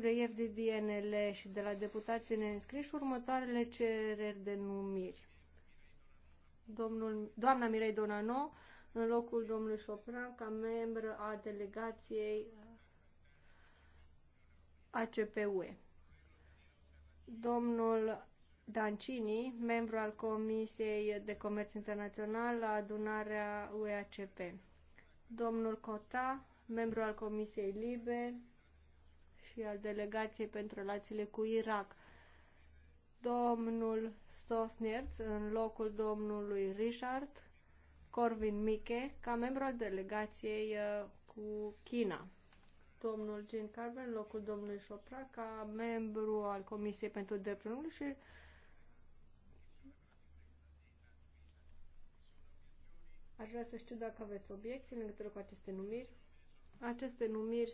de FDDNL și de la deputații neînscriși următoarele cereri de numiri. Domnul, doamna Mirei Donano, în locul domnului Șopran, ca membră a delegației ACPUE. Domnul Dancini, membru al Comisiei de Comerț Internațional la adunarea UEACP. Domnul Cota, membru al Comisiei Libe, și al Delegației pentru Relațiile cu Irak. Domnul Stosnerț, în locul domnului Richard Corvin Miche, ca membru al Delegației uh, cu China. Domnul Jean Carver, în locul domnului Chopra, ca membru al Comisiei pentru Drepturile și Aș vrea să știu dacă aveți obiecții în legătură cu aceste numiri. Aceste numiri